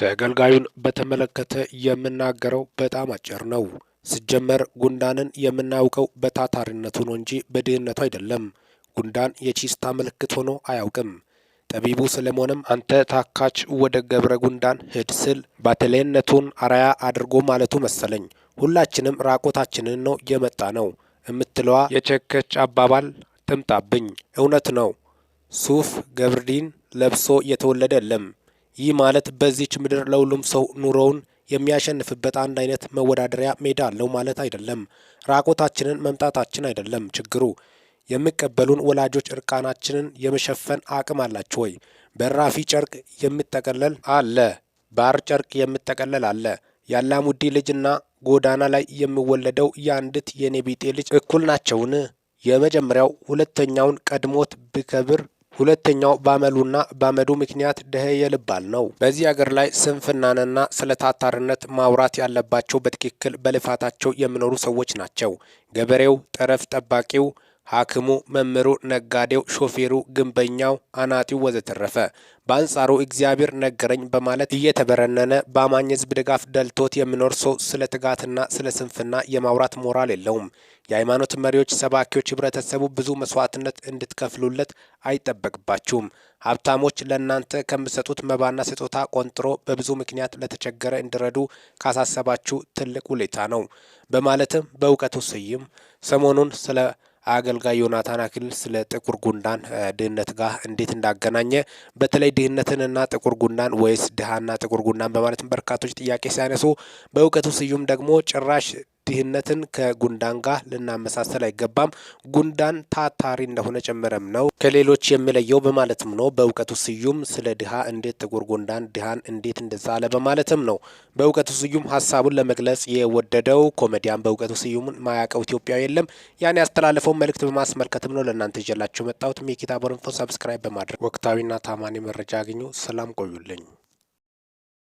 ተገልጋዩን በተመለከተ የምናገረው በጣም አጭር ነው። ስጀመር ጉንዳንን የምናውቀው በታታሪነቱ ነው እንጂ በድህነቱ አይደለም። ጉንዳን የቺስታ ምልክት ሆኖ አያውቅም። ጠቢቡ ስለሞንም አንተ ታካች ወደ ገብረ ጉንዳን ሂድ ስል ባተሌነቱን አራያ አድርጎ ማለቱ መሰለኝ። ሁላችንም ራቆታችንን ነው የመጣ ነው የምትለዋ የቸከች አባባል ትምጣብኝ። እውነት ነው። ሱፍ ገብርዲን ለብሶ የተወለደ የለም። ይህ ማለት በዚች ምድር ለሁሉም ሰው ኑሮውን የሚያሸንፍበት አንድ አይነት መወዳደሪያ ሜዳ አለው ማለት አይደለም። ራቆታችንን መምጣታችን አይደለም ችግሩ። የሚቀበሉን ወላጆች እርቃናችንን የመሸፈን አቅም አላቸው ወይ? በራፊ ጨርቅ የሚጠቀለል አለ፣ ባር ጨርቅ የሚጠቀለል አለ። ያላሙዲ ልጅና ጎዳና ላይ የሚወለደው የአንዲት የኔቢጤ ልጅ እኩል ናቸውን? የመጀመሪያው ሁለተኛውን ቀድሞት ብከብር ሁለተኛው ባመሉና ባመዱ ምክንያት ደሀ የልባል ነው። በዚህ አገር ላይ ስንፍናንና ስለ ታታርነት ማውራት ያለባቸው በትክክል በልፋታቸው የሚኖሩ ሰዎች ናቸው። ገበሬው፣ ጠረፍ ጠባቂው ሐኪሙ፣ መምህሩ፣ ነጋዴው፣ ሾፌሩ፣ ግንበኛው፣ አናጢው ወዘተረፈ። በአንጻሩ እግዚአብሔር ነገረኝ በማለት እየተበረነነ በአማኝ ህዝብ ድጋፍ ደልቶት የሚኖር ሰው ስለ ትጋትና ስለ ስንፍና የማውራት ሞራል የለውም። የሃይማኖት መሪዎች፣ ሰባኪዎች ህብረተሰቡ ብዙ መስዋዕትነት እንድትከፍሉለት አይጠበቅባችሁም። ሀብታሞች ለእናንተ ከምሰጡት መባና ስጦታ ቆንጥሮ በብዙ ምክንያት ለተቸገረ እንዲረዱ ካሳሰባችሁ ትልቅ ውለታ ነው በማለትም በእውቀቱ ስዩም ሰሞኑን ስለ አገልጋይ ዮናታን አክሊል ስለ ጥቁር ጉንዳን ድህነት ጋር እንዴት እንዳገናኘ በተለይ ድህነትንና ጥቁር ጉንዳን ወይስ ድሃና ጥቁር ጉንዳን በማለትም በርካቶች ጥያቄ ሲያነሱ በእውቀቱ ስዩም ደግሞ ጭራሽ ድህነትን ከጉንዳን ጋር ልናመሳሰል አይገባም። ጉንዳን ታታሪ እንደሆነ ጭምርም ነው ከሌሎች የሚለየው በማለትም ነው በእውቀቱ ስዩም ስለ ድሃ እንዴት ጥቁር ጉንዳን ድሃን እንዴት አለ በማለትም ነው በእውቀቱ ስዩም ሀሳቡን ለመግለጽ የወደደው። ኮሜዲያን በእውቀቱ ስዩም ማያውቀው ኢትዮጵያዊ የለም። ያን ያስተላለፈውን መልእክት በማስመልከትም ነው ለእናንተ ይዤላችሁ መጣሁት። ሚኪታ ቦረንፎ ሰብስክራይብ በማድረግ ወቅታዊና ታማኒ መረጃ አግኙ። ሰላም ቆዩልኝ።